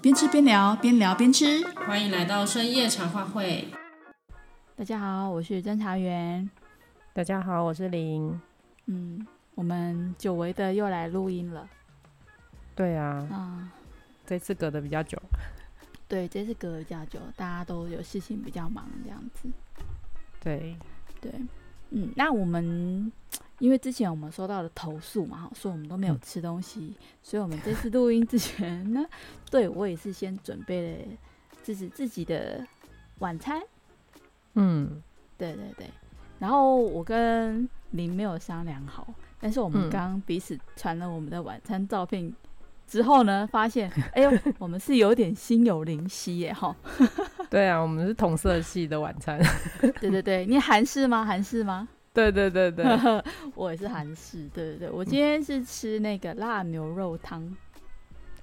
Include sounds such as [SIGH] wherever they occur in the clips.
邊吃邊聊，邊聊邊吃。歡迎來到深夜茶話會。大家好，我是偵查員。大家好，我是零。嗯，我們久違的又來錄音了。對啊。啊、嗯，這次隔得比較久。對，這次隔得比較久，大家都有事情比較忙，這樣子。對。對。嗯，那我們。因為之前我們收到的投訴嘛，哈，所以我們都沒有吃東西。嗯，所以我們這次錄音之前呢，對我也是先準備了就是自己的晚餐，嗯，對對對，然後我跟零沒有商量好，但是我們剛剛彼此傳了我們的晚餐照片之後呢，嗯、發現，哎呦， [LAUGHS] 我們是有點心有靈犀耶，哈， [LAUGHS] 對啊，我們是同色系的晚餐， [LAUGHS] 對對對，你韓式嗎？韓式嗎？對對對對， [LAUGHS] 我也是韓式。對對，對我今天是吃那個辣牛肉湯。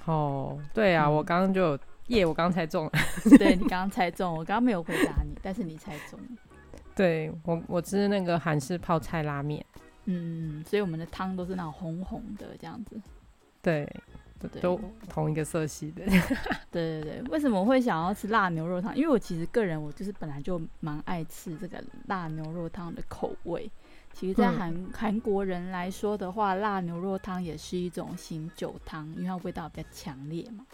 哦，對啊，我剛剛就有耶，我剛、嗯、我剛才猜中了。對， [LAUGHS] 對你剛剛猜中，我剛剛沒有回答你， [LAUGHS] 但是你猜中。對我，我吃那個韓式泡菜拉麵。嗯，所以我們的湯都是那種紅紅的這樣子。對。都同一個色系的。對對對，為什麼會想要吃辣牛肉湯？因為我其實個人我就是本來就蠻愛吃這個辣牛肉湯的口味。其實在，在韓韓國人來說的話，辣牛肉湯也是一種醒酒湯，因為它味道比較強烈嘛。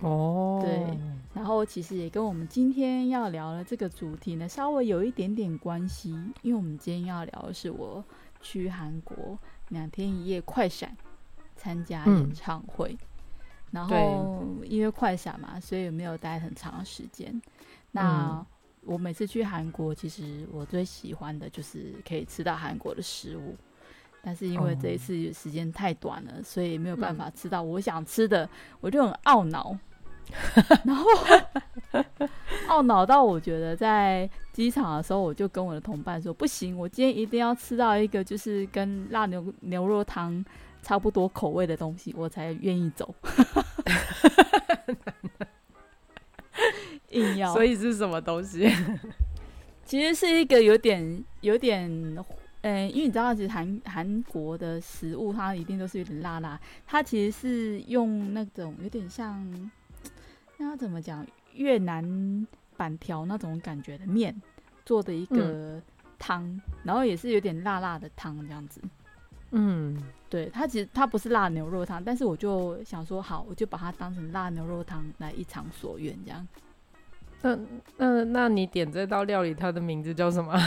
哦。對。然後其實也跟我們今天要聊的這個主題呢，稍微有一點點關係，因為我們今天要聊的是我去韓國兩天一夜快閃。參加演唱會，嗯、然後因為快閃嘛，所以沒有待很長時間。那、嗯、我每次去韓國，其實我最喜歡的就是可以吃到韓國的食物，但是因為這一次時間太短了、哦，所以沒有辦法吃到我想吃的，嗯、我就很懊惱， [LAUGHS] 然後 [LAUGHS] 懊惱到我覺得在機場的時候，我就跟我的同伴說：“不行，我今天一定要吃到一個就是跟辣牛牛肉湯。”差不多口味的東西，我才願意走。 [LAUGHS] [LAUGHS] 硬要，所以是什麼東西？ [LAUGHS] 其實是一個有點、有點，嗯、欸，因為你知道，其實韓韓國的食物它一定都是有點辣辣。它其實是用那種有點像，那怎麼講越南板條那種感覺的麵做的一個湯、嗯，然後也是有點辣辣的湯這樣子。嗯。對，它其實它不是辣牛肉湯，但是我就想說好，我就把它當成辣牛肉湯來一償所願這樣。嗯嗯，那你點這道料理，它的名字叫什麼？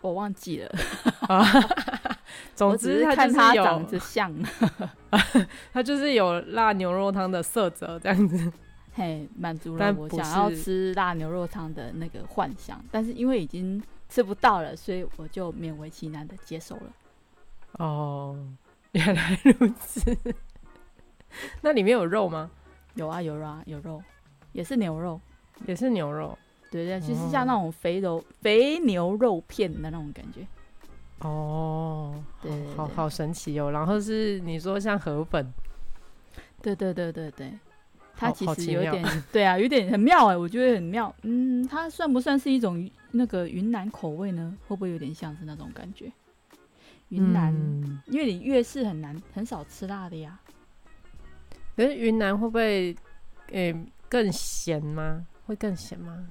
我忘記了。啊、 [LAUGHS] 總之，看它，它長得像， [LAUGHS] 它就是有辣牛肉湯的色澤這樣子。嘿，滿足了我想要吃辣牛肉湯的那個幻想，但是因為已經吃不到了，所以我就勉為其難的接受了。哦。原來如此 [LAUGHS] ，那裡面有肉嗎、哦？有啊，有啊，有肉，也是牛肉，也是牛肉，對對、啊，嗯，哦，就是像那種肥肉肥牛肉片的那種感覺。哦，對，對，對，對，好好，好神奇哦。然後是你說像河粉，對對對對對，它其實有點，對啊，有點很妙哎、欸，我覺得很妙。嗯，它算不算是一種那個雲南口味呢？會不會有點像是那種感覺？雲南，因為你越是很難，很少吃辣的呀。可是雲南會不會，誒、欸，更鹹嗎？會更鹹嗎？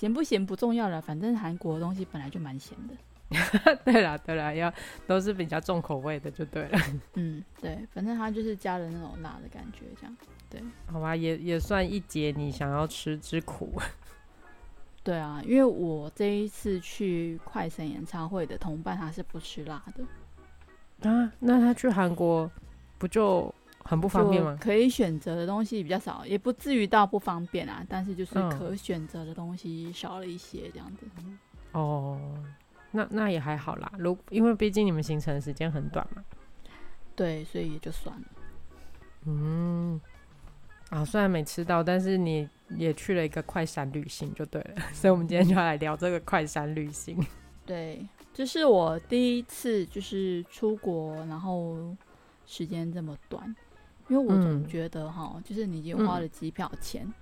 鹹不鹹不重要了，反正韓國的東西本來就蠻鹹的。 [LAUGHS] 對啦，對啦，要都是比較重口味的就對了。嗯，對，反正它就是加了那種辣的感覺，這樣。對，好吧，也也算一解你想要吃之苦。對啊，因為我這一次去快閃演唱會的同伴，他是不吃辣的啊，那他去韓國不就很不方便嗎？可以選擇的東西比較少，也不至於到不方便啊，但是就是可選擇的東西少了一些，這樣子。嗯、哦，那那也還好啦，如果因為畢竟你們行程時間很短嘛。對，所以也就算了。嗯，啊，雖然沒吃到，但是你。也去了一個快閃旅行就對了，所以我們今天就要來聊這個快閃旅行。對，這就是我第一次就是出國，然後時間這麼短，因為我總覺得哈、嗯，就是你已經花了機票錢，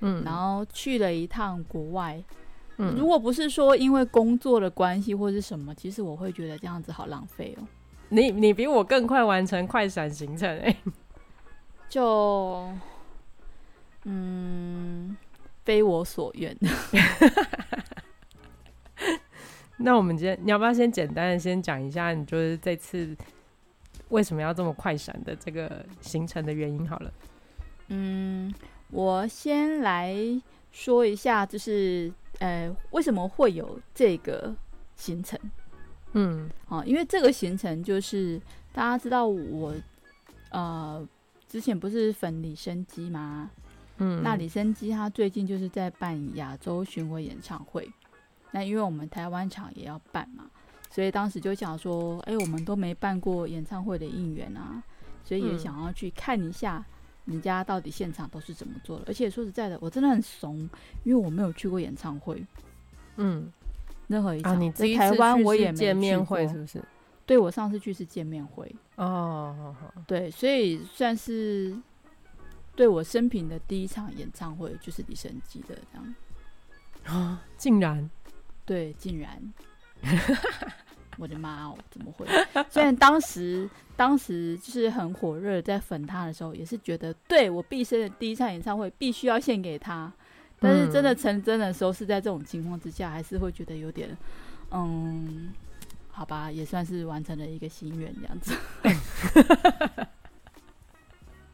嗯，然後去了一趟國外，嗯，如果不是說因為工作的關係或是什麼，其實我會覺得這樣子好浪費哦、喔。你你比我更快完成快閃行程、欸，就。非我所願。 [LAUGHS] 那我們今天，你要不要先簡單的先講一下，你就是這次為什麼要這麼快閃的這個行程的原因？好了。嗯，我先來說一下，就是呃，為什麼會有這個行程。嗯，哦，因為這個行程就是大家知道我呃之前不是粉李昇基嗎？嗯，那李昇基他最近就是在辦亞洲巡迴演唱會，那因為我們台灣場也要辦嘛，所以當時就想說，哎、欸，我們都沒辦過演唱會的應援啊，所以也想要去看一下人家到底現場都是怎麼做的。嗯、而且說實在的，我真的很慫，因為我沒有去過演唱會，嗯，任何一場，在、啊、台灣我也沒見面會，是不是？對，我上次去是見面會哦，oh, oh, oh, oh. 對，所以算是。對我生平的第一場演唱會就是李昇基的這樣。啊、哦，竟然，對，竟然， [LAUGHS] 我的媽哦、啊，怎麼會？雖然當時當時就是很火熱，在粉他的時候，也是覺得對我畢生的第一場演唱會必須要獻給他，但是真的成真的，的時候是在這種情況之下，嗯，還是會覺得有點，嗯，好吧，也算是完成了一個心願這樣子。嗯 [LAUGHS]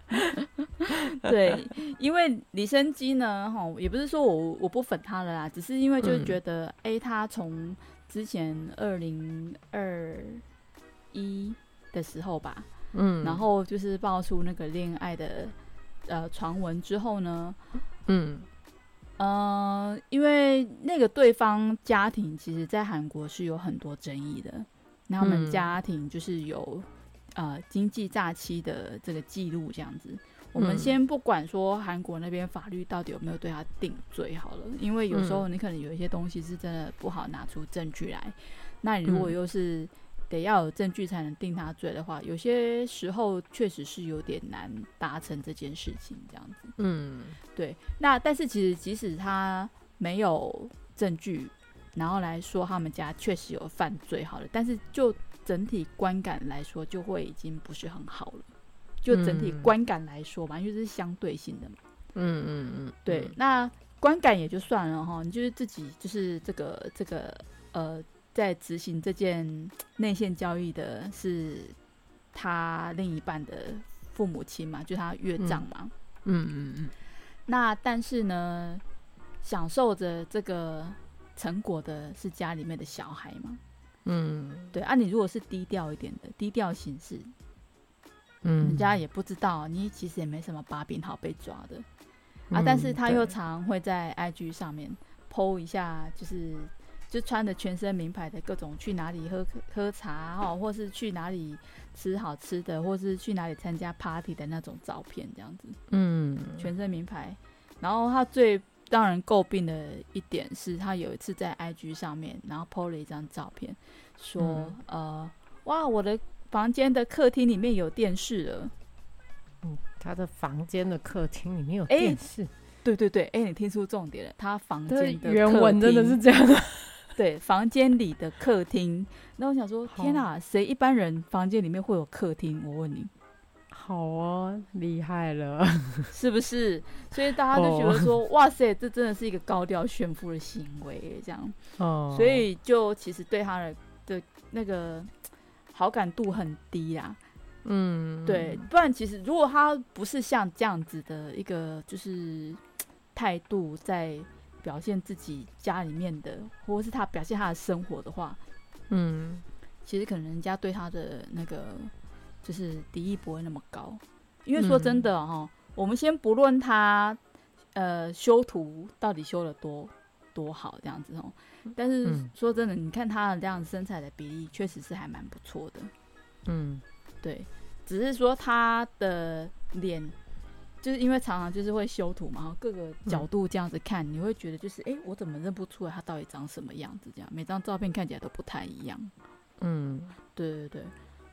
[LAUGHS] 對，因為李昇基呢，吼，也不是說我我不粉他了啦，只是因為就是覺得，哎、嗯，欸，他從之前二零二一的時候吧，嗯，然後就是爆出那個戀愛的呃傳聞之後呢，嗯，呃，因為那個對方家庭其實，在韓國是有很多爭議的，那他們家庭就是有。呃，經濟詐欺的這個記錄這樣子，我們先不管說韓國那邊法律到底有沒有對他定罪好了，因為有時候你可能有一些東西是真的不好拿出證據來。那你如果又是得要有證據才能定他罪的話，有些時候確實是有點難達成這件事情這樣子。嗯，對。那但是其實即使他沒有證據，然後來說他們家確實有犯罪好了，但是就。整體觀感來說，就會已經不是很好了。就整體觀感來說嘛，因為這是相對性的嘛。嗯嗯嗯，對。那觀感也就算了哈，你就是自己就是這個這個呃，在執行這件內線交易的是他另一半的父母親嘛，就是他岳丈嘛。嗯嗯嗯。那但是呢，享受着這個成果的是家裡面的小孩嘛。嗯，對啊，你如果是低調一點的低調行事，嗯，人家也不知道你其實也沒什麼把柄好被抓的，嗯、啊。但是他又常會在 IG 上面 PO 一下，就是，就是就穿着全身名牌的各種去哪裡喝喝茶哦，喔，或是去哪裡吃好吃的，或是去哪裡參加 party 的那種照片，這樣子，嗯，全身名牌，然後他最。當然，讓人詬病的一點是他有一次在 IG 上面，然後 PO 了一張照片，說：“嗯、呃，哇，我的房間的客廳裡面有電視了。嗯”他的房間的客廳裡面有電視、欸。對對對，哎、欸，你聽出重點了？他房間的客廳，原文真的是這樣的。 [LAUGHS] 對，房間裡的客廳。那我想說，天哪，誰一般人房間裡面會有客廳？我問你。好啊、哦，厲害了， [LAUGHS] 是不是？所以大家就覺得說，oh. 哇塞，這真的是一個高調炫富的行為，這樣。Oh. 所以就其實對他的的那個好感度很低呀。嗯、mm.，對。不然其實如果他不是像這樣子的一個就是態度，在表現自己家裡面的，或是他表現他的生活的話，嗯、mm.，其實可能人家對他的那個。就是比例不會那麼高，因為說真的哈、嗯，我們先不論他，呃，修圖到底修了多多好這樣子哦。但是說真的，你看他的這樣身材的比例，確實是還蠻不錯的。嗯，對，只是說他的臉，就是因為常常就是會修圖嘛，然後各個角度這樣子看，嗯、你會覺得就是哎、欸，我怎麼認不出來他到底長什麼樣子？這樣每張照片看起來都不太一樣。嗯，對對對。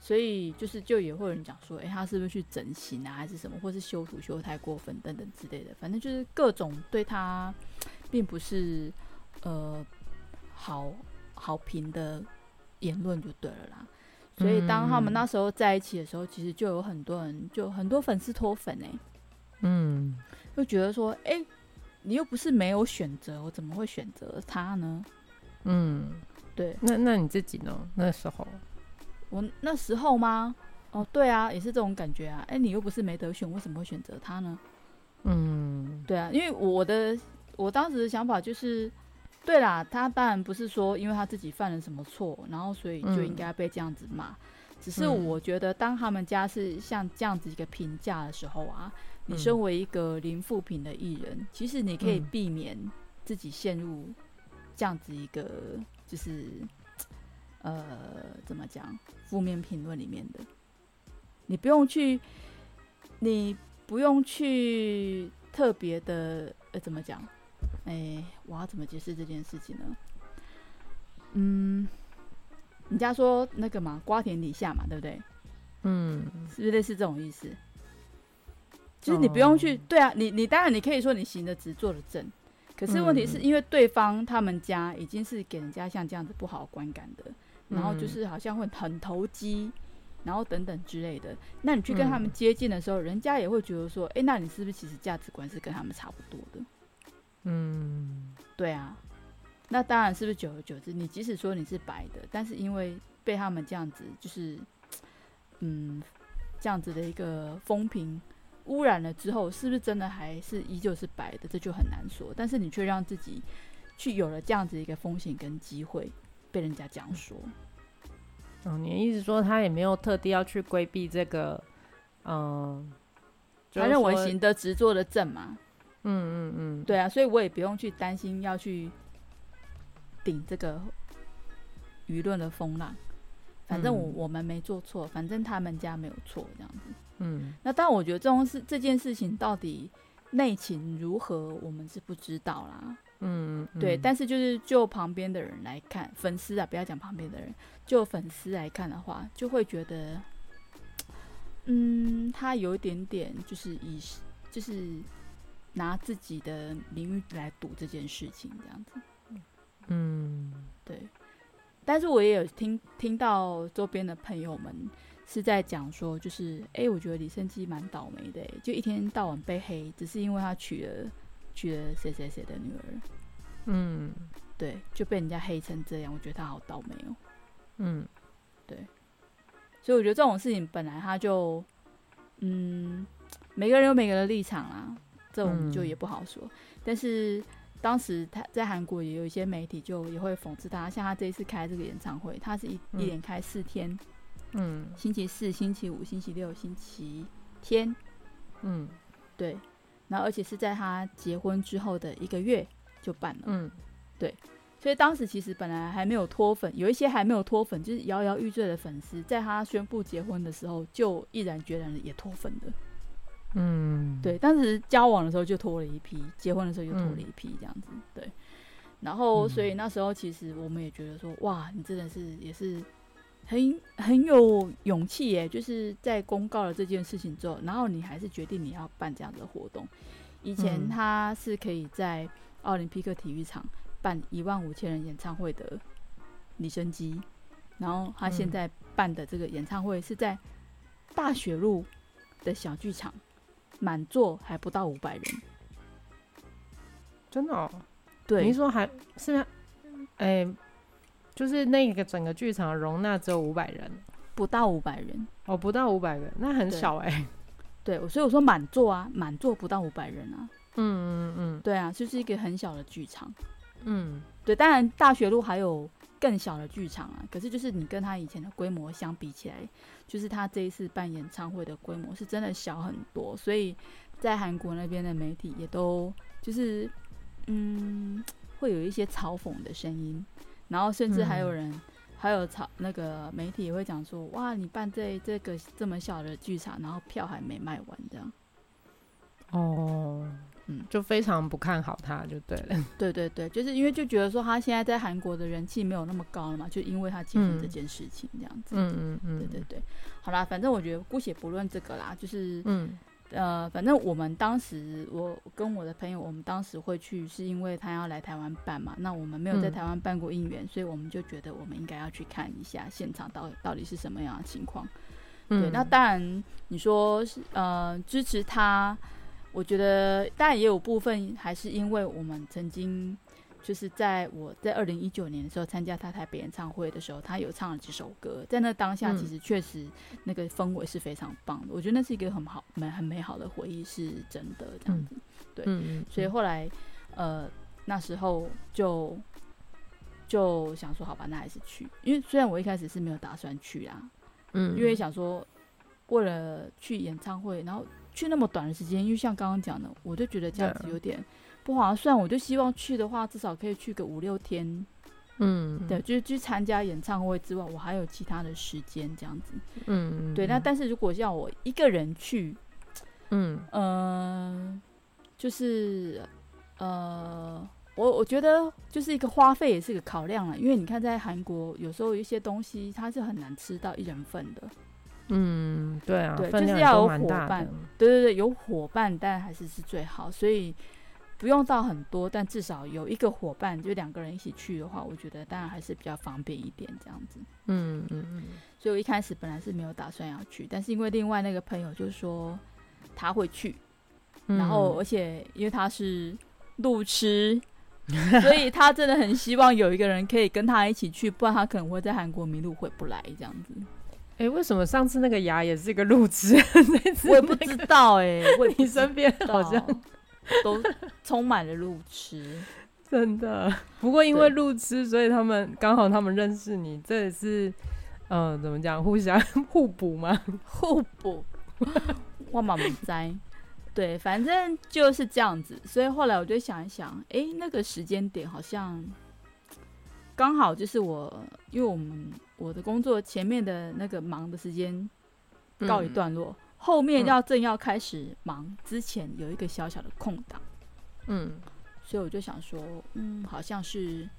所以就是就也會有人講說，哎、欸，他是不是去整形啊，還是什麼，或是修圖修太過分等等之類的，反正就是各種對他並不是呃好好評的言論就對了啦。所以當他們那時候在一起的時候，嗯、其實就有很多人，就很多粉絲脫粉哎、欸，嗯，就覺得說，哎、欸，你又不是沒有選擇，我怎麼會選擇他呢？嗯，對。那那你自己呢？那時候？我那時候嗎？哦，對啊，也是這種感覺啊。哎、欸，你又不是沒得選，為什麼會選擇他呢？嗯，對啊，因為我的我當時的想法就是，對啦，他當然不是說因為他自己犯了什麼錯，然後所以就應該被這樣子罵、嗯。只是我覺得，當他們家是像這樣子一個評價的時候啊、嗯，你身為一個零負評的藝人、嗯，其實你可以避免自己陷入這樣子一個就是。呃，怎麼講？負面評論裡面的，你不用去，你不用去特別的，呃，怎麼講？哎、欸，我要怎麼解釋這件事情呢？嗯，人家說那個嘛，瓜田李下嘛，對不對？嗯，是不是類似這種意思？就是你不用去，哦、對啊，你你當然你可以說你行得直，坐得正，可是問題是因為對方他們家已經是給人家像這樣子不好觀感的。然後就是好像會很投機、嗯，然後等等之類的。那你去跟他們接近的時候、嗯，人家也會覺得說，誒，那你是不是其實價值觀是跟他們差不多的？嗯，對啊。那當然是不是久而久之，你即使說你是白的，但是因為被他們這樣子就是，嗯，這樣子的一個風評污染了之後，是不是真的還是依舊是白的？這就很難說。但是你卻讓自己去有了這樣子一個風險跟機會。被人家講說，嗯、哦，你意思說他也沒有特地要去規避這個，嗯、呃，他認為行得直，坐得正嘛。嗯嗯嗯，對啊，所以我也不用去擔心要去頂這個輿論的風浪，反正我、嗯、我們沒做錯，反正他們家沒有錯，這樣子。嗯，那但我覺得這種事，這件事情到底內情如何，我們是不知道啦。嗯，嗯，對，但是就是就旁邊的人來看，粉絲啊，不要講旁邊的人，就粉絲來看的話，就會覺得，嗯，他有一點點就是以就是拿自己的名譽來賭這件事情這樣子。嗯，對。但是我也有聽聽到周邊的朋友們是在講說，就是哎、欸，我覺得李昇基蠻倒霉的、欸，就一天到晚被黑，只是因為他娶了。覺得誰誰誰的女兒，嗯，對，就被人家黑成這樣，我覺得他好倒霉哦、喔。嗯，對，所以我覺得這種事情本來他就，嗯，每個人有每個人的立場啦，這種就也不好說。嗯、但是當時他在韓國也有一些媒體就也會諷刺他，像他這一次開這個演唱會，他是一、嗯、一連開四天，嗯，星期四、星期五、星期六、星期天，嗯，對。然後，而且是在他結婚之後的一個月就辦了，嗯，對，所以當時其實本來還沒有脫粉，有一些還沒有脫粉，就是搖搖欲墜的粉絲，在他宣布結婚的時候就毅然決然的也脫粉了，嗯，對，當時交往的時候就脫了一批，結婚的時候又脫了一批，嗯，這樣子，對，然後所以那時候其實我們也覺得說，哇，你真的是也是。很很有勇氣耶，就是在公告了這件事情之後，然後你還是決定你要辦這樣的活動。以前他是可以在奧林匹克體育場辦一萬五千人演唱會的李昇基，然後他現在辦的這個演唱會是在大學路的小劇場，滿座還不到五百人。真的哦？對，你說還是哎？欸就是那個整個劇場容納只有五百人，不到五百人哦，不到五百人，那很小哎、欸。對，我所以我說滿座啊，滿座不到五百人啊。嗯嗯嗯，對啊，就是一個很小的劇場。嗯，對，當然大學路還有更小的劇場啊。可是就是你跟他以前的規模相比起來，就是他這一次辦演唱會的規模是真的小很多，所以在韓國那邊的媒體也都就是嗯，會有一些嘲諷的聲音。然後甚至還有人，嗯、還有炒那個媒體也會講說，哇，你辦這這個這麼小的劇場，然後票還沒賣完這樣，哦，嗯，就非常不看好他就對了，對對對，就是因為就覺得說他現在在韓國的人氣沒有那麼高了嘛，就因為他結婚這件事情、嗯、這樣子，嗯嗯嗯，對對對，好啦，反正我覺得姑且不論這個啦，就是嗯。呃，反正我們當時，我跟我的朋友，我們當時會去，是因為他要來台灣辦嘛。那我們沒有在台灣辦過應援。嗯。所以我們就覺得我們應該要去看一下現場到底到底是什麼樣的情況。嗯。對，那當然你說是呃支持他，我覺得當然也有部分還是因為我們曾經。就是在我在二零一九年的時候參加他台北演唱會的時候，他有唱了幾首歌，在那當下其實確實那個氛圍是非常棒的。嗯，我覺得那是一個很好美很美好的回憶，是真的這樣子，嗯、對、嗯嗯，所以後來呃那時候就就想說，好吧，那還是去，因為雖然我一開始是沒有打算去啊，嗯，因為想說為了去演唱會，然後去那麼短的時間，因為像剛剛講的，我就覺得這樣子有點。嗯不划算，我就希望去的話，至少可以去個五六天。嗯，對，就是去參加演唱會之外，我還有其他的時間這樣子。嗯，對。那但是如果要我一個人去，嗯嗯、呃，就是呃，我我覺得就是一個花費也是一個考量了，因為你看在韓國，有時候一些東西它是很難吃到一人份的。嗯，對啊，對就是要有夥伴，對對對，有夥伴，但還是是最好，所以。不用到很多，但至少有一個夥伴，就兩個人一起去的話，我覺得當然還是比較方便一點這樣子。嗯嗯嗯。所以我一開始本來是沒有打算要去，但是因為另外那個朋友就說他會去、嗯，然後而且因為他是路痴、嗯，所以他真的很希望有一個人可以跟他一起去， [LAUGHS] 不然他可能會在韓國迷路回不來這樣子。哎、欸，為什麼上次那個牙也是一個路痴？ [LAUGHS] 那那我也不知道哎、欸，問你身邊好像。 [LAUGHS] 都充滿了路痴，真的。不過因為路痴，所以他們剛好他們認識你，這也是嗯、呃，怎麼講，互相互補嗎？互補，萬 [LAUGHS] 馬不在 [LAUGHS] 對，反正就是這樣子。所以後來我就想一想，哎、欸，那個時間點好像剛好就是我，因為我們我的工作前面的那個忙的時間告一段落。嗯後面要正要開始忙，嗯，之前有一個小小的空檔，嗯，所以我就想說，嗯，好像是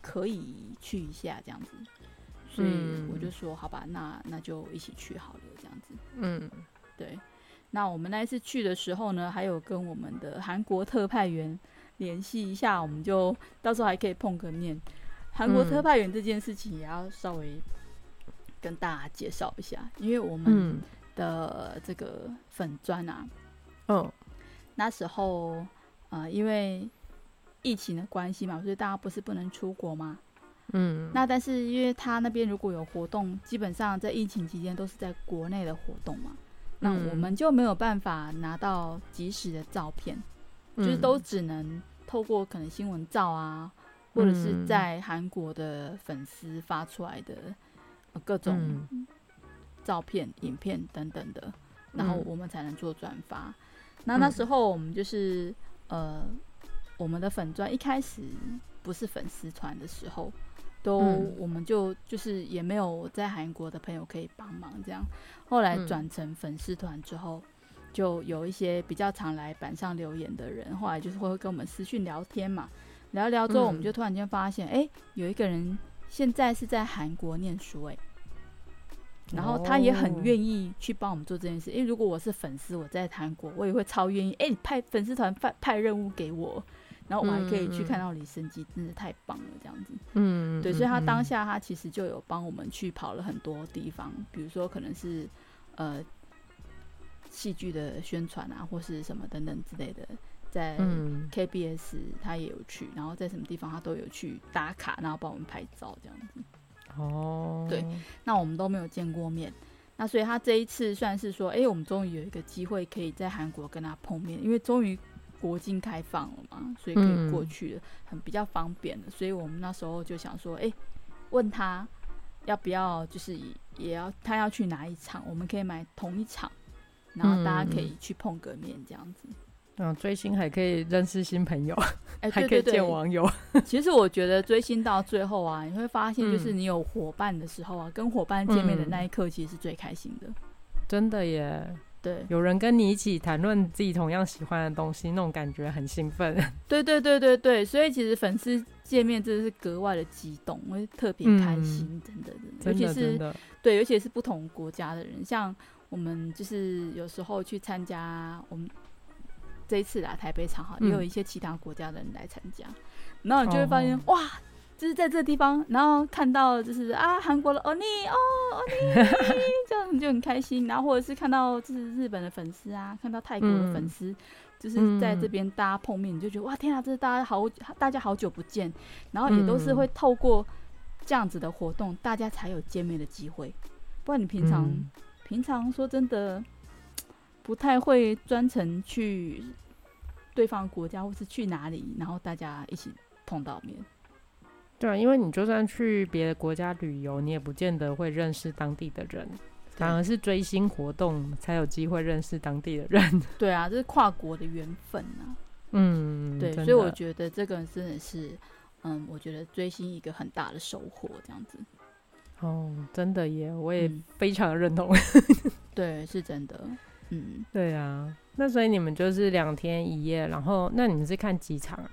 可以去一下這樣子，所以我就說，好吧，那那就一起去好了這樣子，嗯，對。那我們那一次去的時候呢，還有跟我們的韓國特派員聯繫一下，我們就到時候還可以碰個面。韓國特派員這件事情也要稍微跟大家介紹一下，因為我們，嗯。的這個粉專啊，哦、oh.，那時候，呃，因為疫情的關係嘛，所以大家不是不能出國嘛，嗯、mm.，那但是因為他那邊如果有活動，基本上在疫情期間都是在國內的活動嘛，那我們就沒有辦法拿到即時的照片，mm. 就是都只能透過可能新聞照啊，或者是在韓國的粉絲發出來的、呃、各種。Mm. 照片、影片等等的，然後我們才能做轉發、嗯。那那時候我們就是、嗯、呃，我們的粉專一開始不是粉絲團的時候，都我們就就是也沒有在韓國的朋友可以幫忙這樣。後來轉成粉絲團之後、嗯，就有一些比較常來板上留言的人，後來就是會跟我們私訊聊天嘛，聊聊之後，我們就突然間發現，哎、嗯欸，有一個人現在是在韓國念書、欸，哎。然後他也很願意去幫我們做這件事，oh. 因為如果我是粉絲，我在韓國，我也會超願意。哎、欸，你派粉絲團派派任務給我，然後我還可以去看到李昇基，mm -hmm. 真的太棒了，這樣子。嗯、mm -hmm.，對，所以他當下他其實就有幫我們去跑了很多地方，比如說可能是呃戲劇的宣傳啊，或是什麼等等之類的，在 KBS 他也有去，然後在什麼地方他都有去打卡，然後幫我們拍照這樣子。哦、oh.，對，那我們都沒有見過面，那所以他這一次算是說，哎、欸，我們終於有一個機會可以在韓國跟他碰面，因為終於國境開放了嘛，所以可以過去了，嗯、很比較方便的，所以我們那時候就想說，哎、欸，問他要不要，就是也要他要去哪一場，我們可以買同一場，然後大家可以去碰個面這樣子。嗯、哦，追星還可以認識新朋友，欸，對對對，還可以見網友。其實我覺得追星到最後啊， [LAUGHS] 你會發現，就是你有夥伴的時候啊，嗯、跟夥伴見面的那一刻，其實是最開心的。真的耶，對，有人跟你一起談論自己同樣喜歡的東西，那種感覺很興奮。對對對對對，所以其實粉絲見面真的是格外的激動，會特別開心，嗯、真的真的，尤其是真的真的對，尤其是不同國家的人，像我們就是有時候去參加我們。這一次來、啊、台北場哈，也有一些其他國家的人來參加，嗯、然後你就會發現、哦、哇，就是在這個地方，然後看到就是啊，韓國的歐尼哦歐尼，哦、 [LAUGHS] 這樣你就很開心。然後或者是看到就是日本的粉絲啊，看到泰國的粉絲，嗯、就是在這邊大家碰面，嗯、你就覺得哇，天啊，這是大家好大家好久不見，然後也都是會透過這樣子的活動，大家才有見面的機會。不然你平常、嗯、平常說真的。不太會專程去對方國家，或是去哪裡，然後大家一起碰到面。對啊，因為你就算去別的國家旅遊，你也不見得會認識當地的人，反而是追星活動才有機會認識當地的人。對啊，這是跨國的緣分吶、啊。嗯，對，所以我覺得這個真的是，嗯，我覺得追星一個很大的收穫，這樣子。哦，真的耶，我也非常的認同。嗯、 [LAUGHS] 對，是真的。嗯，對啊，那所以你們就是兩天一夜，然後那你們是看幾場啊？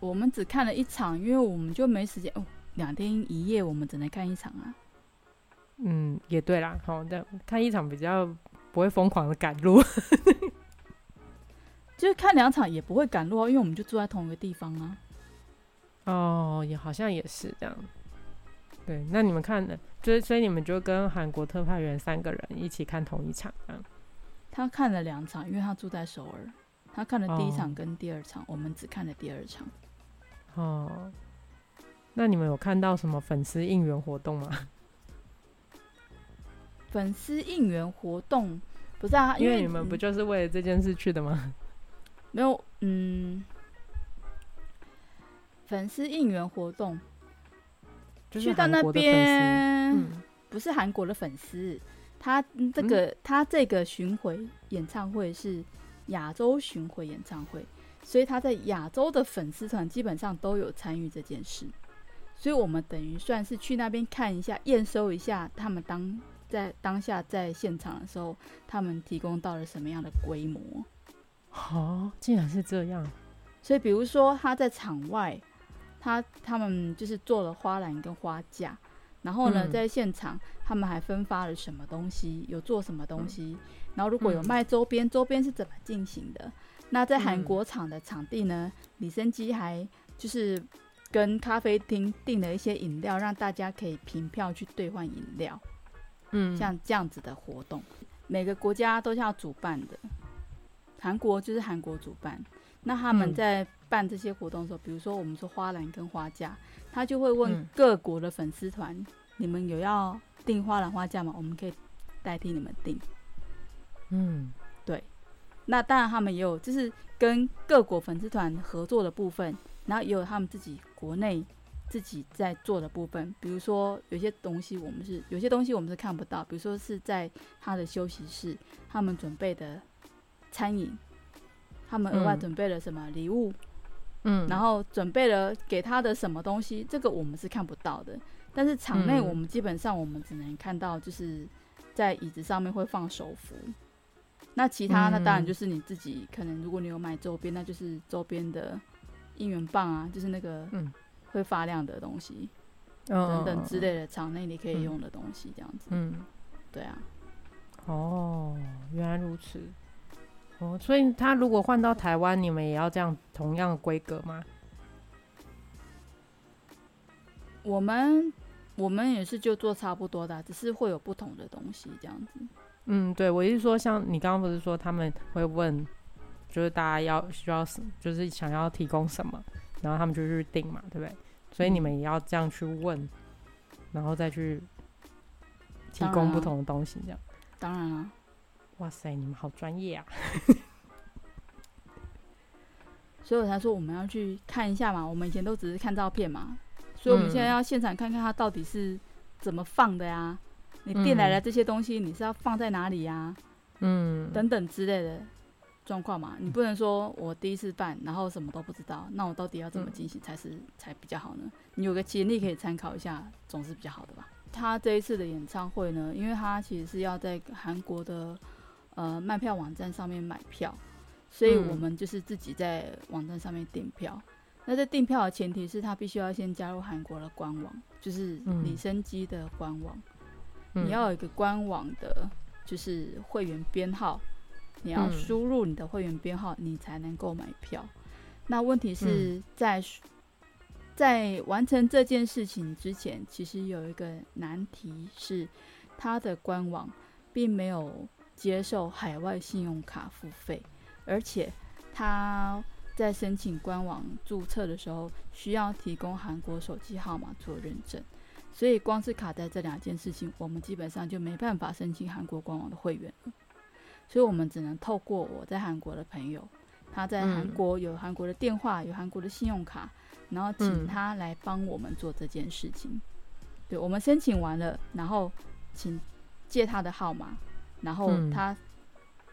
我們只看了一場，因為我們就沒時間。哦、兩天一夜，我們只能看一場啊。嗯，也對啦，好、哦，那看一場比較不會瘋狂的趕路， [LAUGHS] 就是看兩場也不會趕路，因為我們就住在同一個地方啊。哦，也好像也是這樣。對，那你們看的就是，所以你們就跟韓國特派員三個人一起看同一場啊。他看了兩場，因為他住在首爾。他看了第一場跟第二場。哦，我們只看了第二場。哦，那你們有看到什麼粉絲應援活動嗎？粉絲應援活動不是啊，因不是，因為你們不就是為了這件事去的嗎？沒有，嗯，粉絲應援活動，就是、韓國的粉絲去到那邊。嗯，不是韓國的粉絲。他這個、嗯、他這個巡迴演唱會是亞洲巡迴演唱會，所以他在亞洲的粉絲團基本上都有參與這件事，所以我們等於算是去那邊看一下，驗收一下他們當在當下在現場的時候，他們提供到了什麼樣的規模。好、哦，竟然是這樣。所以，比如說他在場外，他他們就是做了花籃跟花架。然後呢，嗯、在現場他們還分發了什麼東西？有做什麼東西？嗯、然後如果有賣周邊、嗯，周邊是怎麼進行的？那在韓國場的場地呢、嗯？李昇基還就是跟咖啡廳訂了一些飲料，讓大家可以憑票去兌換飲料。嗯，像這樣子的活動，每個國家都是要主辦的。韓國就是韓國主辦。那他們在辦這些活動的時候，嗯、比如說我們說花籃跟花架。他就會問各國的粉絲團，嗯，你們有要訂花籃花架嗎？我們可以代替你們訂。嗯，對。那當然，他們也有就是跟各國粉絲團合作的部分，然後也有他們自己國內自己在做的部分。比如說，有些東西我們是有些東西我們是看不到，比如說是在他的休息室，他們準備的餐飲，他們額外準備了什麼禮，嗯，物。嗯，然後準備了給他的什麼東西、嗯，這個我們是看不到的。但是場內我們基本上我們只能看到，就是在椅子上面會放手幅、嗯。那其他，那當然就是你自己可能，如果你有買週邊，嗯、那就是週邊的應援棒啊，就是那個會發亮的東西、嗯、等等之類的，場內你可以用的東西這樣子。嗯，嗯對啊。哦，原來如此。哦，所以他如果換到台灣，你們也要這樣同樣的規格嗎？我們我們也是就做差不多的，只是會有不同的東西這樣子。嗯，對，我意思說，像你剛剛不是說他們會問，就是大家要需要，就是想要提供什麼，然後他們就去定嘛，對不對？所以你們也要這樣去問，然後再去提供不同的東西、啊、這樣。當然了、啊。哇塞，你們好專業啊！ [LAUGHS] 所以我才說我們要去看一下嘛。我們以前都只是看照片嘛，所以我們現在要現場看看他到底是怎麼放的呀、啊嗯？你電來了這些東西，你是要放在哪裡呀、啊？嗯，等等之類的狀況嘛、嗯，你不能說我第一次辦，然後什麼都不知道，那我到底要怎麼進行才是、嗯、才比較好呢？你有個經歷可以參考一下，總是比較好的吧？他這一次的演唱會呢，因為他其實是要在韓國的。呃，賣票網站上面買票，所以我們就是自己在網站上面訂票。嗯、那在訂票的前提是，他必須要先加入韓國的官網，就是李昇基的官網、嗯。你要有一個官網的，就是會員編號、嗯，你要輸入你的會員編號，你才能購買票、嗯。那問題是在在完成這件事情之前，其實有一個難題是，他的官網並沒有。接受海外信用卡付費，而且他在申請官網註冊的時候需要提供韓國手機號碼做認證，所以光是卡在這兩件事情，我們基本上就沒辦法申請韓國官網的會員了。所以我們只能透過我在韓國的朋友，他在韓國有韓國的電話，有韓國的信用卡，然後請他來幫我們做這件事情。對，我們申請完了，然後請借他的號碼。然後他、嗯，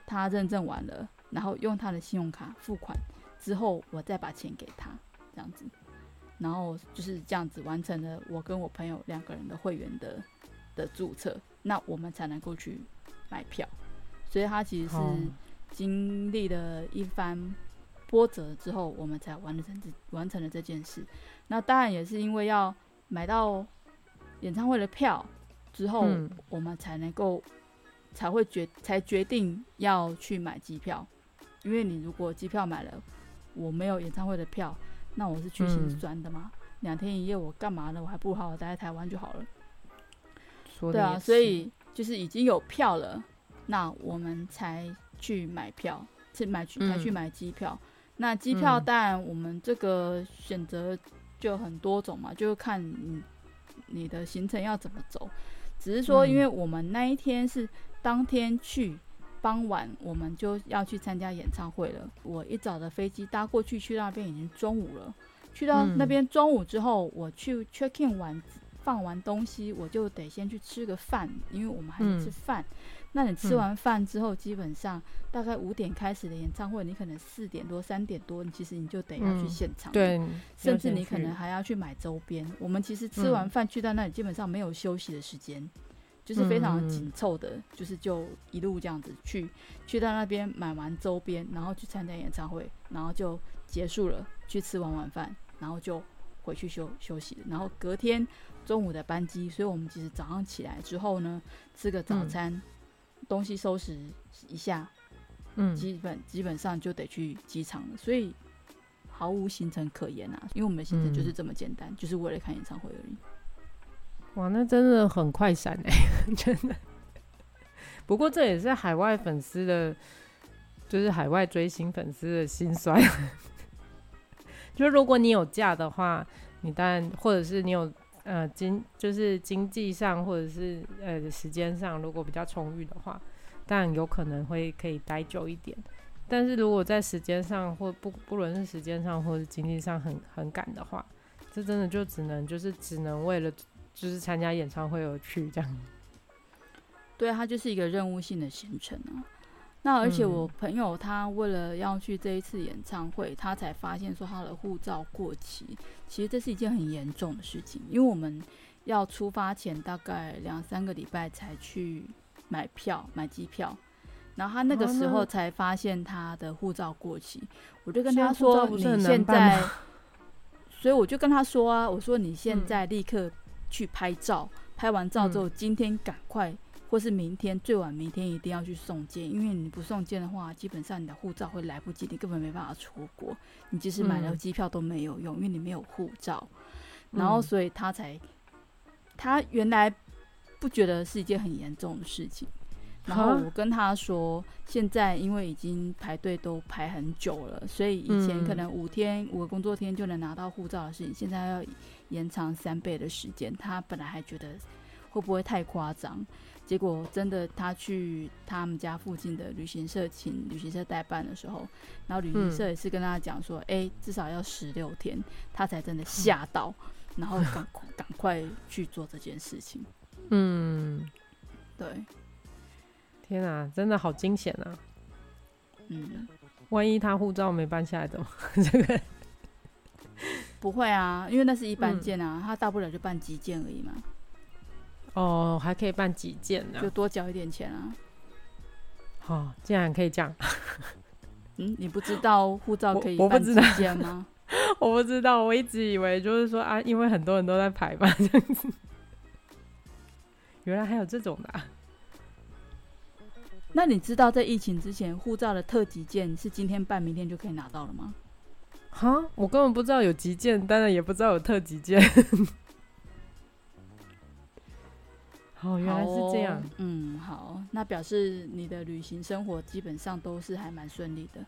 他認證完了，然後用他的信用卡付款之後，我再把錢給他，這樣子，然後就是這樣子完成了我跟我朋友兩個人的會員的的註冊，那我們才能夠去買票。所以，他其實是經歷了一番波折之後，我們才完成這完成了這件事。那當然也是因為要買到演唱會的票之後，嗯、我們才能夠。才會決才決定要去買機票，因為你如果機票買了，我沒有演唱會的票，那我是去行轉的嘛，嗯，兩天一夜我幹嘛呢？我還不如好好待在台灣就好了。對啊，所以就是已經有票了，那我們才去買票，嗯、去買去才去買機票。那機票當然我們這個選擇就很多種嘛，嗯、就看你你的行程要怎麼走。只是說，因為我們那一天是。當天去，傍晚我們就要去參加演唱會了。我一早的飛機搭過去，去那邊已經中午了。去到那邊中午之後，我去 check in 完放完東西，我就得先去吃個飯，因為我們還得吃飯。那你吃完飯之後，基本上大概五點開始的演唱會，你可能四點多、三點多，你其實你就得要去現場，對，甚至你可能還要去買周邊。我們其實吃完飯去到那裡，基本上沒有休息的時間。就是非常緊湊的、嗯，就是就一路這樣子去，嗯、去到那邊買完周邊，然後去參加演唱會，然後就結束了，去吃完晚飯，然後就回去休休息，然後隔天中午的班機，所以我們其實早上起來之後呢，吃個早餐，嗯、東西收拾一下，嗯，基本基本上就得去機場了，所以毫無行程可言啊，因為我們的行程就是這麼簡單、嗯，就是為了看演唱會而已。哇，那真的很快閃誒、欸。真的。不過這也是海外粉絲的，就是海外追星粉絲的心酸。就是如果你有假的話，你當然或者是你有呃經，就是經濟上或者是呃時間上如果比較充裕的話，當然有可能會可以待久一點。但是如果在時間上或不不論是時間上或是經濟上很很趕的話，這真的就只能就是只能為了。就是參加演唱會有去這樣，對，他就是一個任務性的行程啊。那而且我朋友他為了要去這一次演唱會，嗯，他才發現說他的護照過期。其實這是一件很嚴重的事情，因為我們要出發前大概兩三個禮拜才去買票買機票，然後他那個時候才發現他的護照過期，啊。我就跟他說：“你現在，所以我就跟他說啊，我說你現在立刻。”去拍照，拍完照之後，嗯、今天趕快，或是明天最晚明天一定要去送件，因為你不送件的話，基本上你的護照會來不及，你根本沒辦法出國，你即使買了機票都沒有用，嗯、因為你沒有護照。然後，所以他才、嗯，他原來不覺得是一件很嚴重的事情。然後我跟他說，現在因為已經排隊都排很久了，所以以前可能五天五個工作天就能拿到護照的事情，現在要延長三倍的時間。他本來還覺得會不會太誇張，結果真的他去他們家附近的旅行社請旅行社代辦的時候，然後旅行社也是跟他講說，欸，至少要十六天，他才真的嚇到，然後趕快趕快去做這件事情。嗯，對。天啊，真的好驚險啊！嗯，萬一他護照沒辦下來的，怎麼？這個不會啊，因為那是一般件啊、嗯，他大不了就辦幾件而已嘛。哦，還可以辦幾件呢、啊、就多交一點錢啊。哦，竟然可以這樣。 [LAUGHS] 嗯，你不知道護照可以辦幾件嗎？我，我，不 [LAUGHS] 我不知道，我一直以為就是說啊，因為很多人都在排嘛，這樣子。原來還有這種的。啊。那你知道在疫情之前，護照的特急件是今天辦，明天就可以拿到了嗎？哈，我根本不知道有急件，當然也不知道有特急件。 [LAUGHS] 好好哦，原來是這樣。嗯，好，那表示你的旅行生活基本上都是還蠻順利的。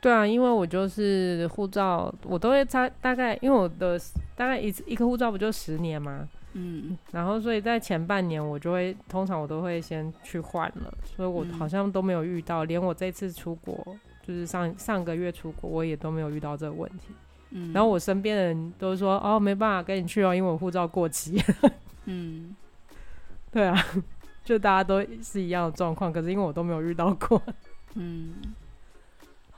對啊，因為我就是護照，我都會差大概，因為我的大概一一個護照不就十年嗎？嗯，然後所以，在前半年我就會，通常我都會先去換了，所以我好像都沒有遇到，嗯、連我這次出國，就是上上個月出國，我也都沒有遇到這個問題。嗯，然後我身邊的人都說，哦，沒辦法跟你去哦，因為我護照過期。 [LAUGHS] 嗯，對啊，就大家都是一樣的狀況，可是因為我都沒有遇到過。嗯，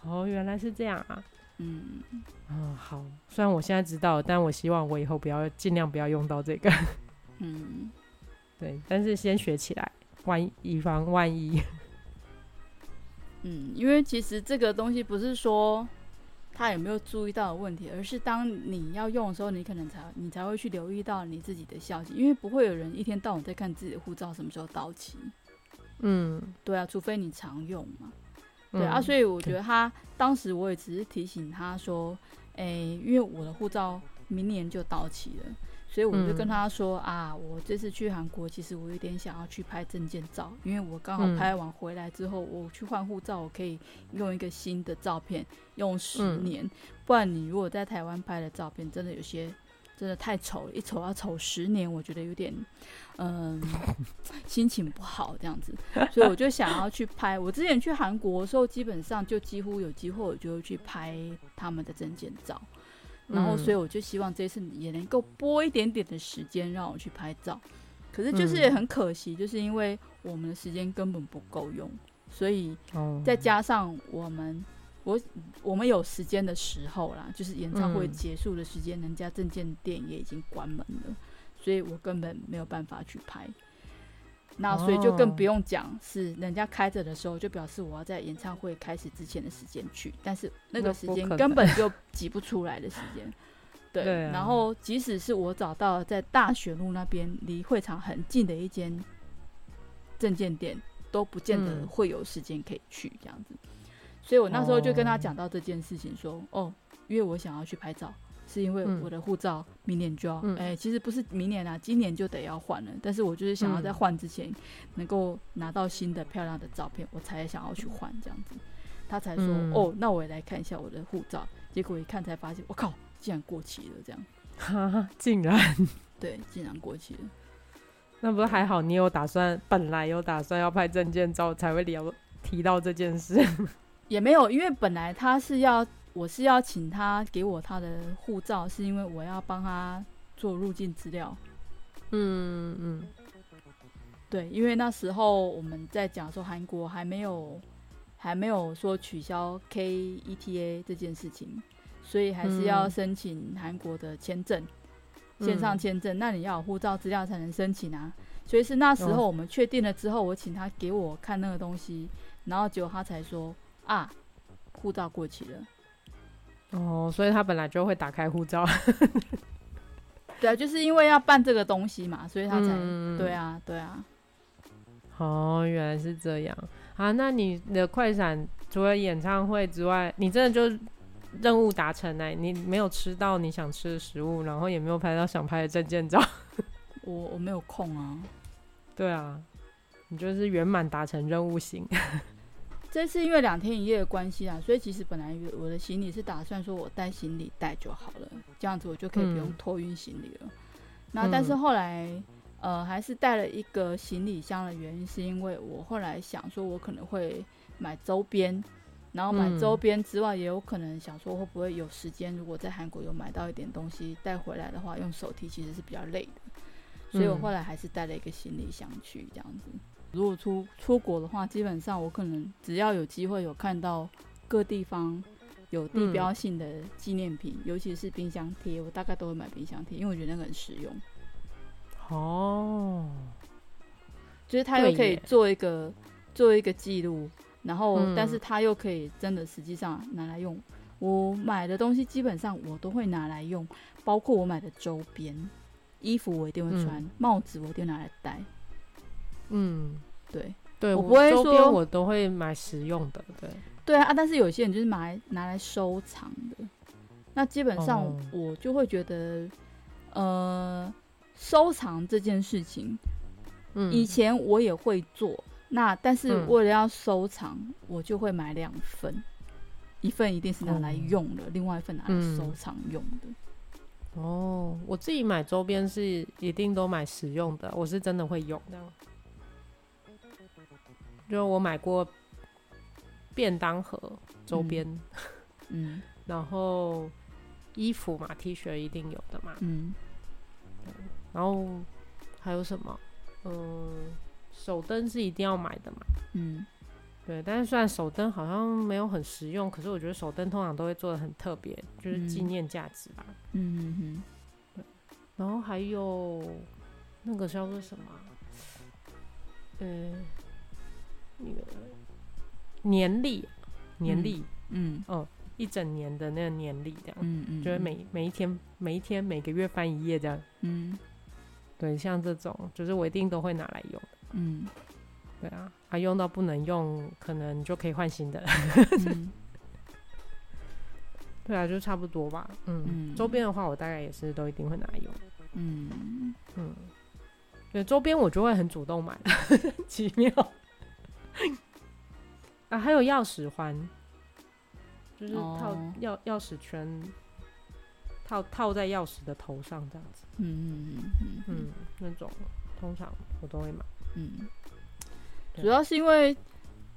哦，原來是這樣啊。嗯，嗯，好。雖然我現在知道，但我希望我以後不要，盡量不要用到這個。 [LAUGHS] 嗯，對。但是先學起來，萬一以防萬一。嗯，因為其實這個東西不是說他有沒有注意到的問題，而是當你要用的時候，你可能才你才會去留意到你自己的消息。因為不會有人一天到晚在看自己的護照什麼時候到期。嗯，對啊，除非你常用嘛。對啊，所以我覺得他當時我也只是提醒他說：「誒、欸，因為我的護照明年就到期了，所以我就跟他說、嗯、啊，我這次去韓國，其實我有點想要去拍證件照，因為我剛好拍完回來之後，嗯、我去換護照，我可以用一個新的照片用十年。不然你如果在台灣拍的照片，真的有些。」真的太醜了，一醜要醜十年，我覺得有點，嗯， [LAUGHS] 心情不好這樣子，所以我就想要去拍。我之前去韓國的時候，基本上就幾乎有機會，我就去拍他們的證件照，然後所以我就希望這次也能夠撥一點點的時間讓我去拍照。可是就是也很可惜，就是因為我們的時間根本不夠用，所以再加上我們。我我們有時間的時候啦，就是演唱會結束的時間，嗯，人家證件店也已經關門了，所以我根本沒有辦法去拍。那所以就更不用講，是人家開着的時候，就表示我要在演唱會開始之前的時間去，但是那個時間根本就擠不出來的時間，哦。對，然後即使是我找到在大學路那邊離會場很近的一間證件店，都不見得會有時間可以去這樣子。所以我那時候就跟他講到這件事情說，說、哦：“哦，因為我想要去拍照，是因為我的護照明年就要……哎、嗯欸，其實不是明年啊，今年就得要換了。但是我就是想要在換之前，能夠拿到新的漂亮的照片，嗯、我才想要去換這樣子。”他才說、嗯：“哦，那我也來看一下我的護照。”結果一看才發現，我、哦、靠，竟然過期了！這樣，哈、啊、哈，竟然對，竟然過期了。那不是還好，你有打算，本來有打算要拍證件照才會聊提到這件事。也沒有，因為本來他是要，我是要請他給我他的護照，是因為我要幫他做入境資料。嗯嗯，對，因為那時候我們在講說韓國還沒有還沒有說取消 KETA 這件事情，所以還是要申請韓國的簽證、嗯，線上簽證，那你要有護照資料才能申請啊。所以是那時候我們確定了之後、哦，我請他給我看那個東西，然後結果他才說。啊，護照過期了。哦，所以他本來就會打開護照。 [LAUGHS] 對啊，就是因為要辦這個東西嘛，所以他才、嗯、對啊，對啊。哦，原來是這樣啊！那你的快閃除了演唱會之外，你真的就任務達成哎、欸？你沒有吃到你想吃的食物，然後也沒有拍到想拍的證件照。 [LAUGHS] 我我沒有空啊。對啊，你就是圓滿達成任務型。 [LAUGHS] 這是因為兩天一夜的關係啊，所以其實本來我的行李是打算說我帶行李帶就好了，這樣子我就可以不用托運行李了、嗯。那但是後來呃還是帶了一個行李箱的原因，是因為我後來想說我可能會買周邊，然後買周邊之外也有可能想說會不會有時間，如果在韓國有買到一點東西帶回來的話，用手提其實是比較累的，所以我後來還是帶了一個行李箱去這樣子。如果出出國的話，基本上我可能只要有機會有看到各地方有地標性的紀念品、嗯，尤其是冰箱貼，我大概都會買冰箱貼，因為我覺得那個很實用。哦，就是它又可以做一個做一個記錄，然後但是它又可以真的實際上拿來用、嗯。我買的東西基本上我都會拿來用，包括我買的周邊、衣服，我一定會穿；嗯、帽子，我一定拿來戴。嗯，對，對我不會說，我都會買實用的，對，對啊，但是有些人就是買拿來收藏的，那基本上我就會覺得，哦、呃，收藏這件事情，嗯，以前我也會做、嗯，那但是為了要收藏，我就會買兩份、嗯，一份一定是拿來用的、嗯，另外一份拿來收藏用的。嗯嗯、哦，我自己買週邊是一定都買實用的，我是真的會用的。就我買過便當盒周邊、嗯，嗯、 [LAUGHS] 然後衣服嘛，T 恤一定有的嘛，嗯，然後還有什麼？嗯，手燈是一定要買的嘛，嗯，對。但是雖然手燈好像沒有很實用，可是我覺得手燈通常都會做得很特別，就是紀念價值吧，嗯，嗯，嗯，嗯。然後還有那個叫做什麼？嗯、欸。那個年曆，年曆、嗯，嗯，哦，一整年的那個年曆這樣，嗯嗯，就是每每一天，每一天每個月翻一頁這樣，嗯，對，像這種，就是我一定都會拿來用，嗯，對啊，還用到不能用，可能就可以換新的，嗯、 [LAUGHS] 對啊，就差不多吧，嗯，嗯周邊的話，我大概也是都一定會拿來用，嗯嗯，對，周邊我就會很主動買的， [LAUGHS] 奇妙。 [LAUGHS] 啊，還有鑰匙環，就是套鑰鑰、oh. 匙圈，套套在鑰匙的頭上這樣子。嗯嗯嗯嗯，那種通常我都會買。嗯，主要是因為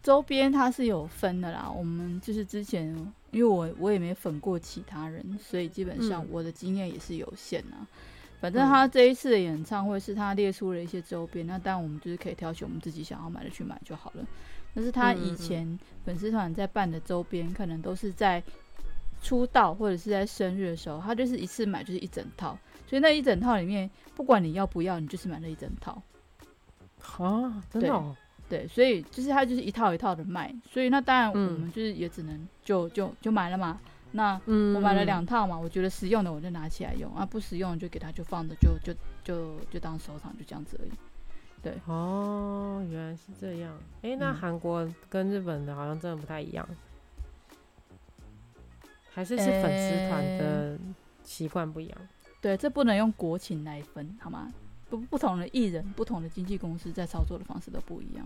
週邊它是有分的啦。我們就是之前，因為我我也沒粉過其他人，所以基本上我的經驗也是有限的、啊。嗯反正他這一次的演唱會是他列出了一些周邊，那當然我們就是可以挑選我們自己想要買的去買就好了。但是他以前粉絲團在辦的周邊，可能都是在出道或者是在生日的時候，他就是一次買就是一整套，所以那一整套裡面不管你要不要，你就是買了一整套。哈，啊，真的哦？對，對，所以就是他就是一套一套的賣，所以那當然我們就是也只能就就就買了嘛。那我買了兩套嘛、嗯，我覺得實用的我就拿起來用、嗯、啊，不實用就給它就放着，就就就就當收藏，就這樣子而已。對。哦，原來是這樣。哎、欸嗯，那韓國跟日本的好像真的不太一樣，還是是粉絲團的習慣不一樣、欸？對，這不能用國情來分，好嗎？不，不同的藝人、不同的經紀公司在操作的方式都不一樣。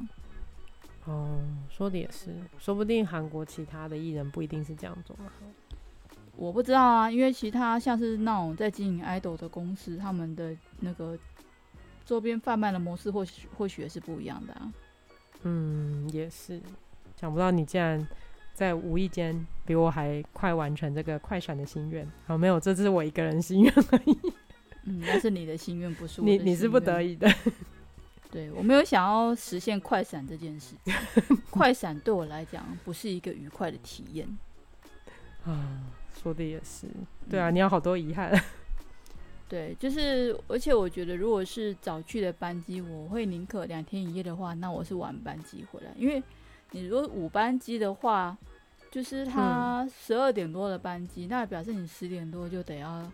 哦，說的也是，說不定韓國其他的藝人不一定是這樣做。我不知道啊，因為其他像是那種在經營 idol 的公司，他們的那個周邊販賣的模式，或許或許也是不一樣的。啊。嗯，也是。想不到你竟然在無意間比我還快完成這個快閃的心願，好、啊、沒有？這只是我一個人心願而已。嗯，但是你的心願不是我，你，你是不得已的。對，我沒有想要實現快閃這件事。 [LAUGHS] 快閃對我來講不是一個愉快的體驗。啊。說的也是，對啊，你有好多遺憾、嗯。對，就是，而且我覺得，如果是早去的班機，我會寧可兩天一夜的話，那我是晚班機回來，因為，你如果午班機的話，就是他十二點多的班機、嗯，那表示你十點多就得要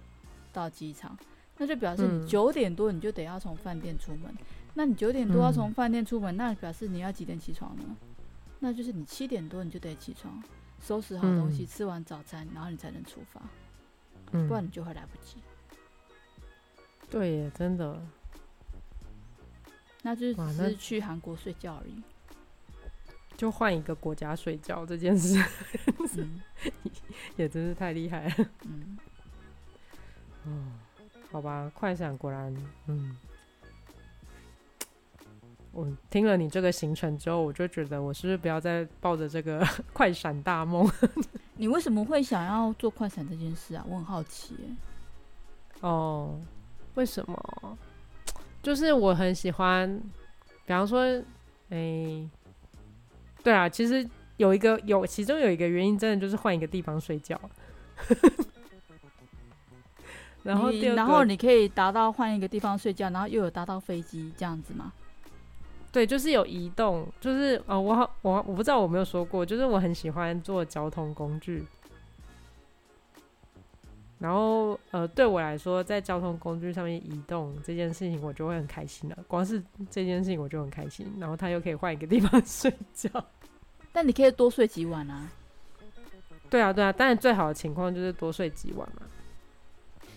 到機場，那就表示你九點多你就得要從飯店出門，那你九點多要從飯店出門，嗯、那表示你要幾點起床呢？那就是你七點多你就得起床。收拾好東西、嗯，吃完早餐，然後你才能出發，嗯、不然你就會來不及。對耶，真的。那就是那去韓國睡覺而已。就換一個國家睡覺這件事，嗯、 [LAUGHS] 也真是太厲害了。嗯，好吧，快閃果然，嗯。我聽了你這個行程之後，我就覺得我是不是不要再抱着這個快閃大夢？ [LAUGHS] 你為什麼會想要做快閃這件事啊？我很好奇。哦，為什麼？就是我很喜歡，比方說，哎、欸，對啊，其實有一個有其中有一個原因，真的就是換一個地方睡覺。 [LAUGHS] 然後對，然後你可以達到換一個地方睡覺，然後又有搭到飛機這樣子嗎？對，就是有移動，就是啊、哦，我好我我不知道，我沒有說過，就是我很喜歡坐交通工具。然後呃，對我來說，在交通工具上面移動這件事情，我就會很開心了。光是這件事情，我就很開心。然後他又可以換一個地方睡覺。但你可以多睡幾晚啊。對啊，對啊，當然最好的情況就是多睡幾晚嘛、啊。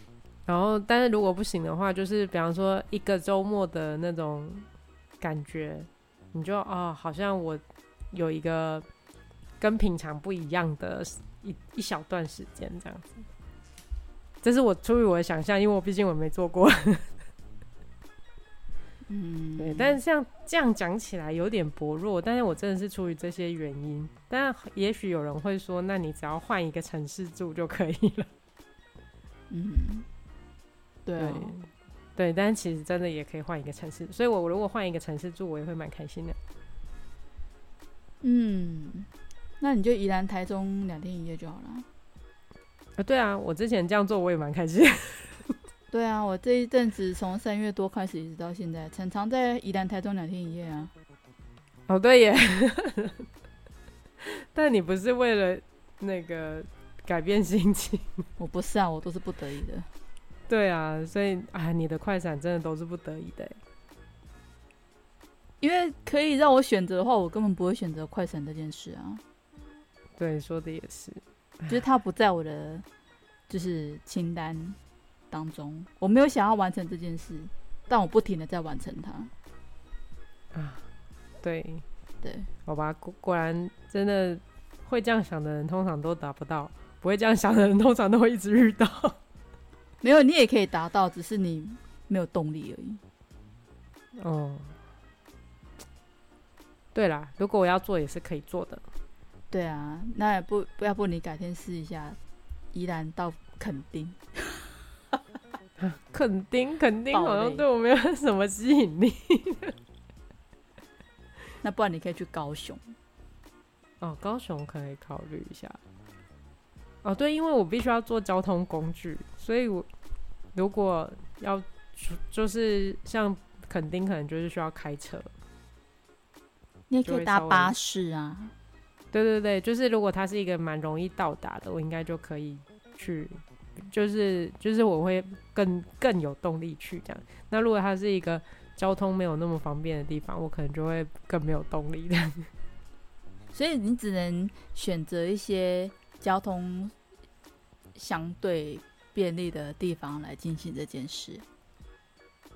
然後，但是如果不行的話，就是比方說一個周末的那種。感覺你就哦，好像我有一個跟平常不一樣的一一小段時間這樣子，這是我出於我的想象，因為我畢竟我沒做過。嗯、 [LAUGHS] mm-hmm. 對。但是像這樣講起來有點薄弱，但是我真的是出於這些原因。但也許有人會說，那你只要換一個城市住就可以了。嗯、mm-hmm.，對。Yeah. 對，但是其實真的也可以換，一個城市，所以我如果換一個城市住，我也會蠻開心的。嗯，那你就宜蘭台中兩天一夜就好了。啊，對啊，我之前這樣做我也蠻開心的。對啊，我這一陣子從三月多開始一直到現在，常常在宜蘭台中兩天一夜啊。哦，對耶。 [LAUGHS] 但你不是為了那個改變心情？我不是啊，我都是不得已的。對啊，所以啊，你的快閃真的都是不得已的，因為可以讓我選擇的話，我根本不會選擇快閃這件事啊。對，說的也是，就是它不在我的就是清單當中，我沒有想要完成這件事，但我不停地在完成它。啊，對對，好吧，果果然真的會這樣想的人，通常都達不到；不會這樣想的人，通常都會一直遇到。沒有，你也可以達到，只是你沒有動力而已。哦，對啦，如果我要做，也是可以做的。對啊，那也不不要不，你改天試一下，宜蘭到墾丁。墾 [LAUGHS] 丁，墾丁好像對我沒有什麼吸引力。 [LAUGHS] 那不然你可以去高雄。哦，高雄可以考慮一下。哦，對，因為我必須要坐交通工具，所以我如果要就是像墾丁，可能就是需要開車。你也可以搭巴士啊。對對對，就是如果它是一個蠻容易到達的，我應該就可以去，就是就是我會更更有動力去這樣。那如果它是一個交通沒有那麼方便的地方，我可能就會更沒有動力這樣。所以你只能選擇一些交通相對便利的地方來進行這件事。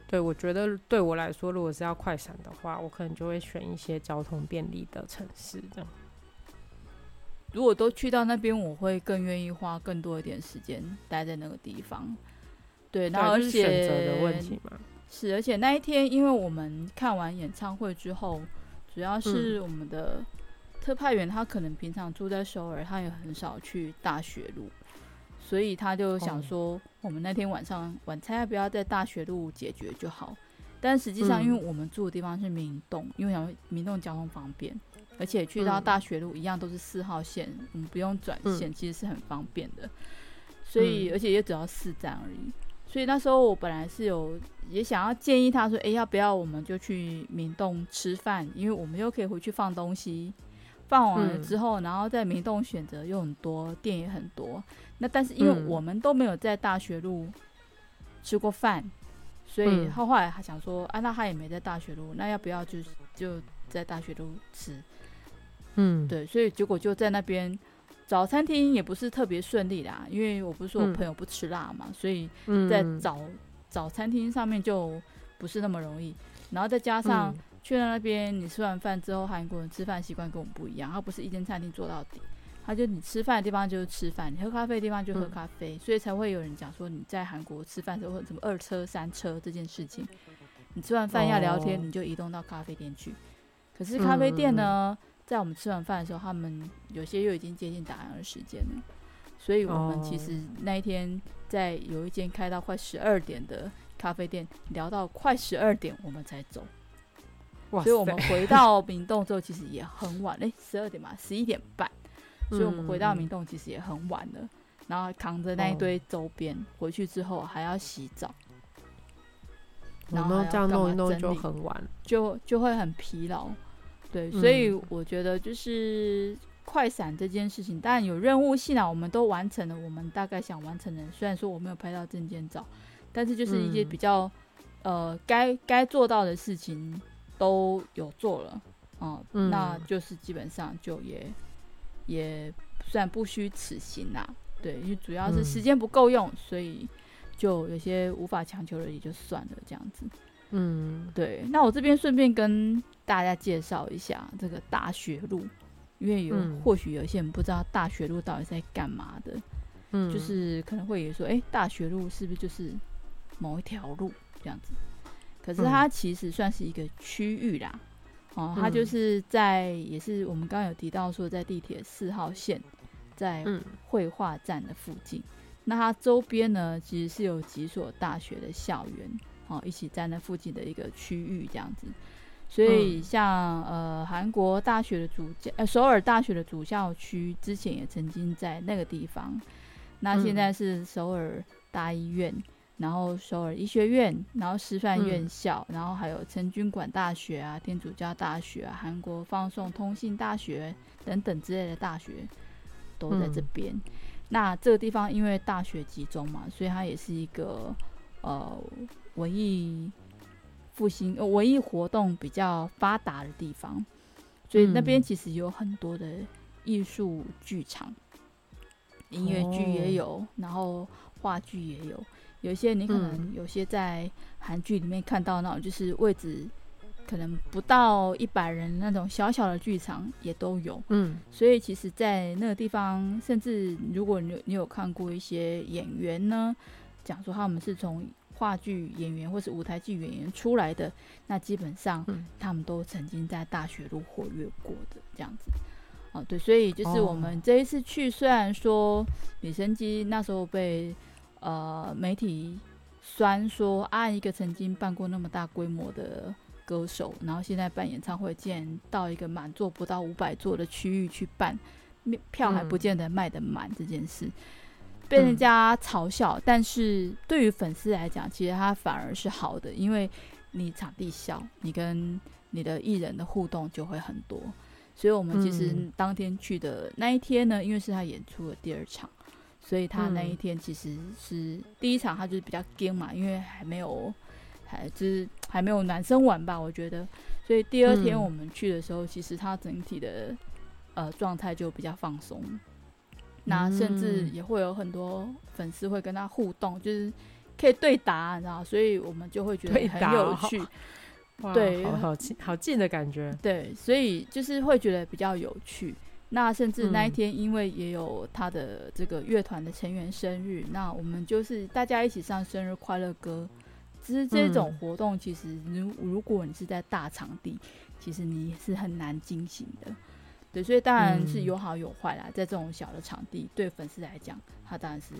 對，我覺得對我來說，如果是要快閃的話，我可能就會選一些交通便利的城市，這樣，如果都去到那邊，我會更願意花更多一點時間待在那個地方。對，對，然後選擇的問題嘛。是，而且那一天，因為我們看完演唱會之後，主要是我們的，嗯特派員他可能平常住在首爾，他也很少去大學路，所以他就想說，我們那天晚上、哦、晚餐要不要在大學路解決就好？但實際上，因為我們住的地方是明洞，嗯、因為想明洞交通方便，而且去到大學路一樣都是四號線、嗯，我們不用轉線、嗯，其實是很方便的。所以、嗯，而且也只要四站而已。所以那時候我本來是有也想要建議他說，哎，要不要我們就去明洞吃飯？因為我們又可以回去放東西。放完了之後，然後在明洞選擇又很多、嗯、店也很多，那但是因為我們都沒有在大學路吃過飯、嗯，所以後後來還想說，安、啊、那他也沒在大學路，那要不要就就在大學路吃？嗯，對，所以結果就在那邊早餐廳也不是特別順利啦，因為我不是說我朋友不吃辣嘛，嗯、所以在早早餐廳上面就不是那麽容易，然後再加上。嗯去了那邊，你吃完飯之後，韓國人吃飯習慣跟我們不一樣。他不是一間餐廳做到底，他就你吃飯的地方就是吃飯，你喝咖啡的地方就喝咖啡，嗯、所以才會有人講說你在韓國吃飯時候會什麼二車三車這件事情。你吃完飯要聊天、哦，你就移動到咖啡店去。可是咖啡店呢，嗯、在我們吃完飯的時候，他們有些又已經接近打烊的時間了，所以我們其實那一天在有一間開到快十二點的咖啡店聊到快十二點，我們才走。所以我們回到明洞之後，其實也很晚哎，十二點嘛，十一點半。所以我們回到明洞其實也很晚了，然後扛着那一堆周邊回去之後，還要洗澡，然後這樣弄弄就很晚，就就會很疲勞。對，所以我覺得就是快閃這件事情，但有任務性啊，我們都完成了。我們大概想完成的，雖然說我沒有拍到證件照，但是就是一些比較呃該該做到的事情。都有做了，哦、嗯嗯，那就是基本上就也也算不虛此行啦。對，因為主要是時間不夠用，嗯，所以就有些無法強求的也就算了這樣子。嗯，對。那我這邊順便跟大家介紹一下這個大學路，因為有、嗯、或許有些人不知道大學路到底在幹嘛的，嗯，就是可能會有說，誒、欸，大學路是不是就是某一條路這樣子？可是它其實算是一個區域啦，嗯、哦，它就是在也是我們剛剛有提到說在地鐵四號線，在惠化站的附近、嗯。那它周邊呢，其實是有幾所大學的校園，哦，一起站在附近的一個區域這樣子。所以像、嗯、呃韓國大學的主校，呃首爾大學的主校區之前也曾經在那個地方，那現在是首爾大醫院。嗯嗯然後首爾醫學院，然後師範院校，嗯、然後還有成均館大學啊、天主教大學、啊、韓國放送通信大學等等之類的大學都在這邊、嗯。那這個地方因為大學集中嘛，所以它也是一個呃文藝復興、呃、文藝活動比較發達的地方。所以那邊其實有很多的藝術劇場，嗯、音樂劇也有、哦，然後話劇也有。有些你可能有些在韓劇裡面看到那種，就是位置可能不到一百人那種小小的劇場也都有。嗯，所以其實，在那個地方，甚至如果你你有看過一些演員呢，講說他們是從話劇演員或是舞台劇演員出來的，那基本上他們都曾經在大學路活躍過的這樣子。哦，對，所以就是我們這一次去，雖然說李昇基那時候被。呃，媒體雖然說，按、啊、一個曾經辦過那麼大規模的歌手，然後現在辦演唱會，竟然到一個滿座不到五百座的區域去辦，票還不見得賣得滿這件事，嗯，被人家嘲笑。但是對於粉絲來講，其實他反而是好的，因為你場地小，你跟你的藝人的互動就會很多。所以我們其實當天去的那一天呢，因為是他演出的第二場。所以他那一天其實是第一場，他就是比較 Game 嘛、嗯，因為還沒有，還就是還沒有男生玩吧，我覺得。所以第二天我們去的時候，嗯、其實他整體的呃狀態就比較放鬆、嗯。那甚至也會有很多粉絲會跟他互動，嗯、就是可以對答案啊。所以我們就會覺得很有趣。對，好對好，好近好近的感覺。對，所以就是會覺得比較有趣。那甚至那一天，因為也有他的這個樂團的成員生日、嗯，那我們就是大家一起唱生日快樂歌。其實這種活動，其實如如果你是在大場地，嗯、其實你是很難進行的。對，所以當然是有好有壞啦、嗯。在這種小的場地，對粉絲來講，他當然是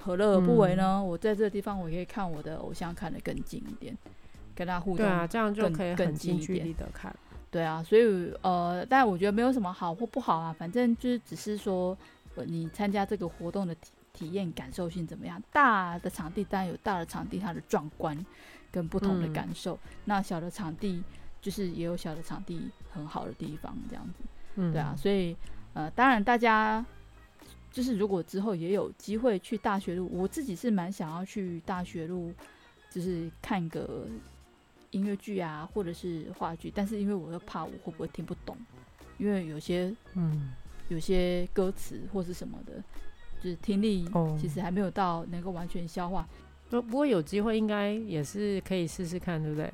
何樂而不為呢、嗯？我在這個地方，我可以看我的偶像看得更近一點，跟他互動對啊，這樣就可以更近距離的看。對啊，所以呃，但我覺得沒有什麼好或不好啊，反正就是只是說，呃，你參加這個活動的體體驗感受性怎麼樣？大的場地當然有大的場地它的壯觀，跟不同的感受、嗯。那小的場地就是也有小的場地很好的地方這樣子。嗯、對啊，所以呃，當然大家就是如果之後也有機會去大學路，我自己是蠻想要去大學路，就是看個。音樂劇啊，或者是話劇，但是因為我又怕我會不會聽不懂，因為有些嗯，有些歌詞或是什麼的，就是聽力其實還沒有到能夠完全消化。哦、不不過有機會應該也是可以試試看，對不對？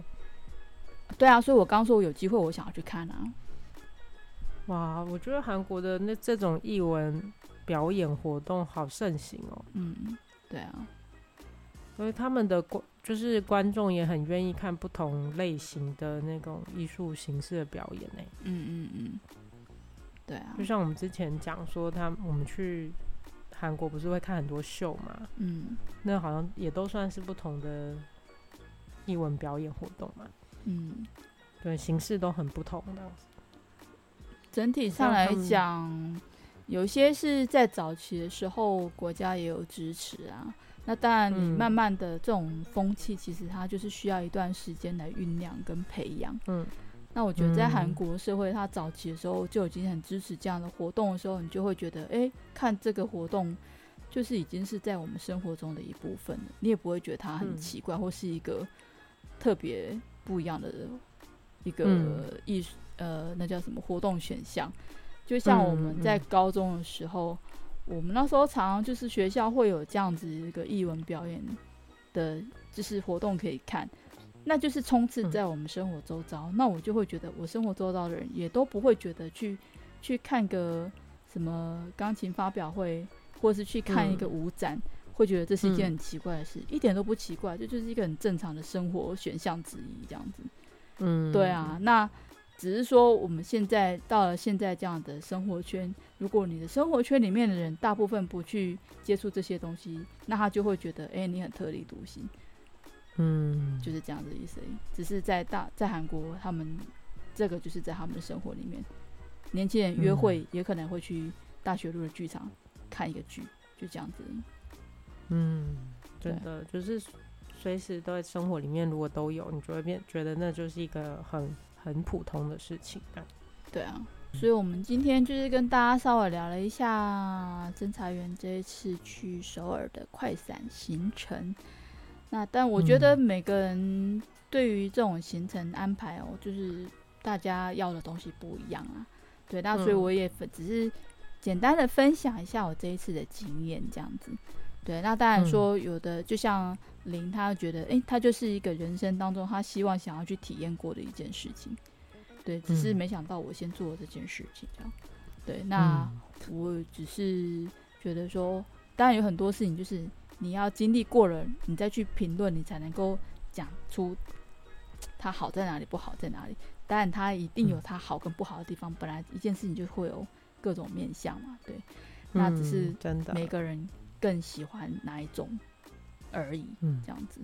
對啊，所以我剛剛說我有機會，我想要去看啊。哇，我覺得韓國的那這種藝文表演活動好盛行哦。嗯，對啊，所以他們的關。就是觀眾也很願意看不同類型的那種藝術形式的表演呢、欸。嗯嗯嗯，對啊，就像我們之前講說他，他我們去韓國不是會看很多秀嘛？嗯，那好像也都算是不同的藝文表演活動嘛。嗯，對，形式都很不同的樣子。整體上來講，有些是在早期的時候國家也有支持啊。那當然，慢慢的這種風氣其實它就是需要一段時間來醞釀跟培養。嗯，那我覺得在韓國社會，它早期的時候就已經很支持這樣的活動的時候，你就會覺得，欸，看這個活動就是已經是在我們生活中的一部分了，你也不會覺得它很奇怪或是一個特別不一樣的一個藝術，呃，那叫什麼活動選項？就像我們在高中的時候。我們那時候常，常就是學校會有這樣子一個藝文表演的，就是活動可以看，那就是充斥在我們生活周遭。嗯、那我就會覺得，我生活周遭的人也都不會覺得去去看個什麼鋼琴發表會，或是去看一個舞展，嗯、會覺得這是一件很奇怪的事，嗯、一點都不奇怪，這就，就是一個很正常的生活選項之一，這樣子。嗯，對啊，那。只是說，我們現在到了現在這樣的生活圈，如果你的生活圈裡面的人大部分不去接觸這些東西，那他就會覺得，誒、欸，你很特立獨行。嗯，就是這樣子的意思。只是在大在韓國，他們這個就是在他們的生活裡面，年輕人約會也可能會去大學路的劇場看一個劇、嗯，就這樣子。嗯，真的就是隨時都在生活裡面，如果都有，你就會變覺得那就是一個很。很普通的事情，對、嗯，對啊，所以，我們今天就是跟大家稍微聊了一下偵查員這一次去首爾的快閃行程。那但我覺得每個人對於這種行程安排哦，就是大家要的東西不一樣啊，對，那所以我也只是簡單的分享一下我這一次的經驗，這樣子。對，那當然說有的，就像零，他覺得，哎、嗯欸，他就是一個人生當中他希望想要去體驗過的一件事情。對，嗯、只是沒想到我先做的這件事情這樣。對，那我只是覺得說，當然有很多事情，就是你要經歷過了，你再去評論，你才能夠講出它好在哪裡，不好在哪裡。當然，它一定有它好跟不好的地方、嗯。本來一件事情就會有各種面向嘛。對，那只是每個人、嗯、真的，更喜歡哪一種而已，嗯，這樣子，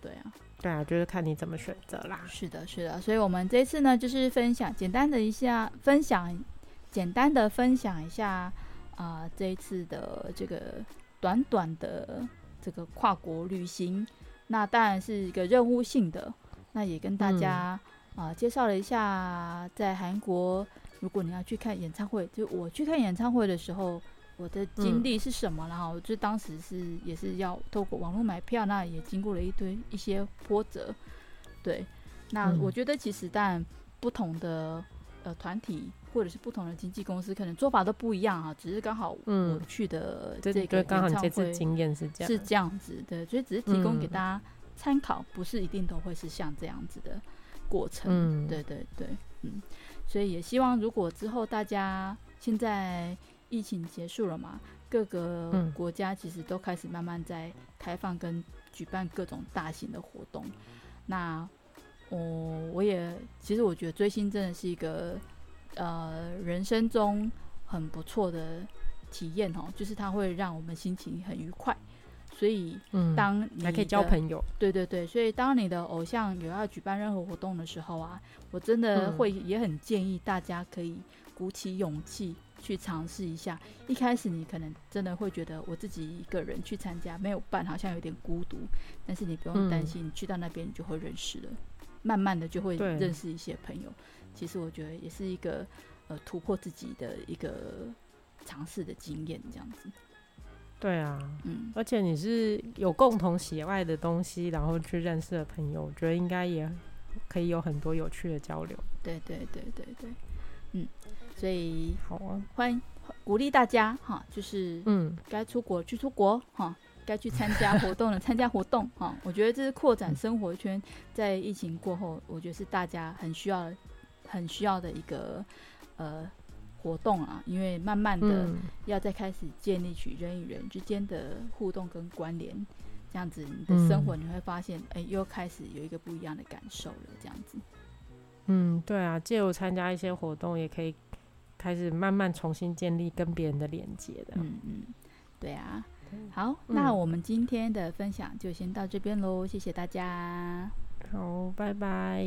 對啊，對啊，就是看你怎麼選擇啦。是的，是的，所以我們這一次呢，就是分享簡單的一下，分享簡單的分享一下啊、呃，這一次的這個短短的這個跨國旅行，那當然是一個任務性的，那也跟大家啊、嗯呃、介紹了一下，在韓國，如果你要去看演唱會，就我去看演唱會的時候。我的經歷是什麼、嗯、然後就當時是也是要透過網絡買票，那也經過了一堆一些波折。對，那我覺得其實但不同的、嗯、呃團體或者是不同的經紀公司，可能做法都不一樣啊。只是剛好我去的這個演唱會經驗是這樣是這樣子的、嗯，所以只是提供給大家參考、嗯，不是一定都會是像這樣子的過程、嗯。對對對，嗯，所以也希望如果之後大家現在。疫情結束了嘛？各個國家其實都開始慢慢在開放跟舉辦各種大型的活動。那我、哦、我也其實我覺得追星真的是一個呃人生中很不錯的體驗哦,就是它會讓我們心情很愉快。所以當你,當、嗯、當還可以交朋友,對對對,所以當你的偶像有要舉辦任何活動的時候啊,我真的會也很建議大家可以鼓起勇氣,去嘗試一下，一開始你可能真的會覺得我自己一個人去參加沒有伴，好像有點孤獨。但是你不用擔心，嗯，你去到那邊你就會認識了，慢慢的就會認識一些朋友。其實我覺得也是一個呃突破自己的一個嘗試的經驗，這樣子。對啊，嗯，而且你是有共同喜愛的東西，然後去認識的朋友，我覺得應該也可以有很多有趣的交流。對對對對對，嗯。所以，好啊，歡迎鼓勵大家哈，就是嗯，該出國去出國哈，該去參加活動的參加活動 [LAUGHS] 哈。我覺得這是擴展生活圈，在疫情過後，我覺得是大家很需要、很需要的一個呃活動啊。因為慢慢的要再開始建立起人與人之間的互動跟關聯，這樣子你的生活你會發現，哎、嗯欸，又開始有一個不一樣的感受了。這樣子，嗯，對啊，借由參加一些活動也可以。開始慢慢重新建立跟別人的連接的，嗯嗯，對啊，好，嗯，那我們今天的分享就先到這邊嘍，謝謝大家，好，拜拜。